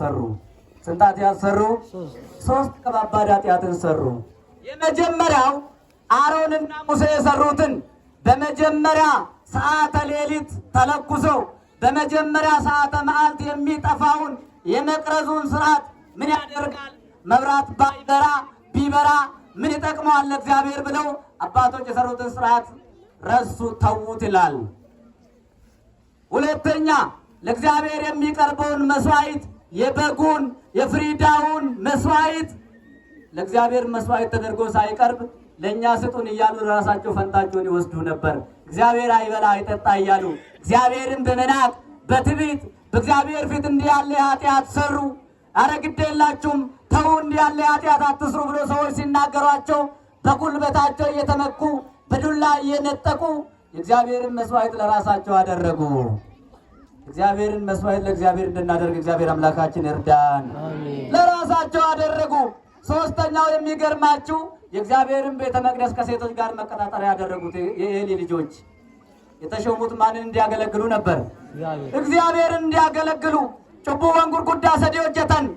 ሰሩ ስንት ኃጢአት ሰሩ? ሶስት ከባባድ ኃጢአትን ሰሩ። የመጀመሪያው አሮንና ሙሴ የሰሩትን በመጀመሪያ ሰዓተ ሌሊት ተለኩሰው በመጀመሪያ ሰዓተ መዓልት የሚጠፋውን የመቅረዙን ስርዓት ምን ያደርጋል መብራት ባይበራ ቢበራ ምን ይጠቅመዋል እግዚአብሔር ብለው አባቶች የሰሩትን ስርዓት ረሱ፣ ተዉት ይላል። ሁለተኛ ለእግዚአብሔር የሚቀርበውን መስዋዕት የበጉን የፍሪዳውን መስዋዕት ለእግዚአብሔር መስዋዕት ተደርጎ ሳይቀርብ ለእኛ ስጡን እያሉ ለራሳቸው ፈንታቸውን ይወስዱ ነበር። እግዚአብሔር አይበላ አይጠጣ እያሉ እግዚአብሔርን በመናቅ በትዕቢት በእግዚአብሔር ፊት እንዲህ ያለ ኃጢአት ሰሩ። አረ ግድ ተው፣ እንዲህ ያለ ኃጢአት አትስሩ ብሎ ሰዎች ሲናገሯቸው በጉልበታቸው እየተመኩ በዱላ እየነጠቁ የእግዚአብሔርን መስዋዕት ለራሳቸው አደረጉ። እግዚአብሔርን መስዋዕት ለእግዚአብሔር እንድናደርግ እግዚአብሔር አምላካችን እርዳን። ለራሳቸው አደረጉ። ሶስተኛው የሚገርማችሁ የእግዚአብሔርን ቤተ መቅደስ ከሴቶች ጋር መቀጣጠሪያ ያደረጉት የኤሊ ልጆች የተሾሙት ማንን እንዲያገለግሉ ነበር? እግዚአብሔርን እንዲያገለግሉ ጭቡ ሰዴ ሰዴዎጀተን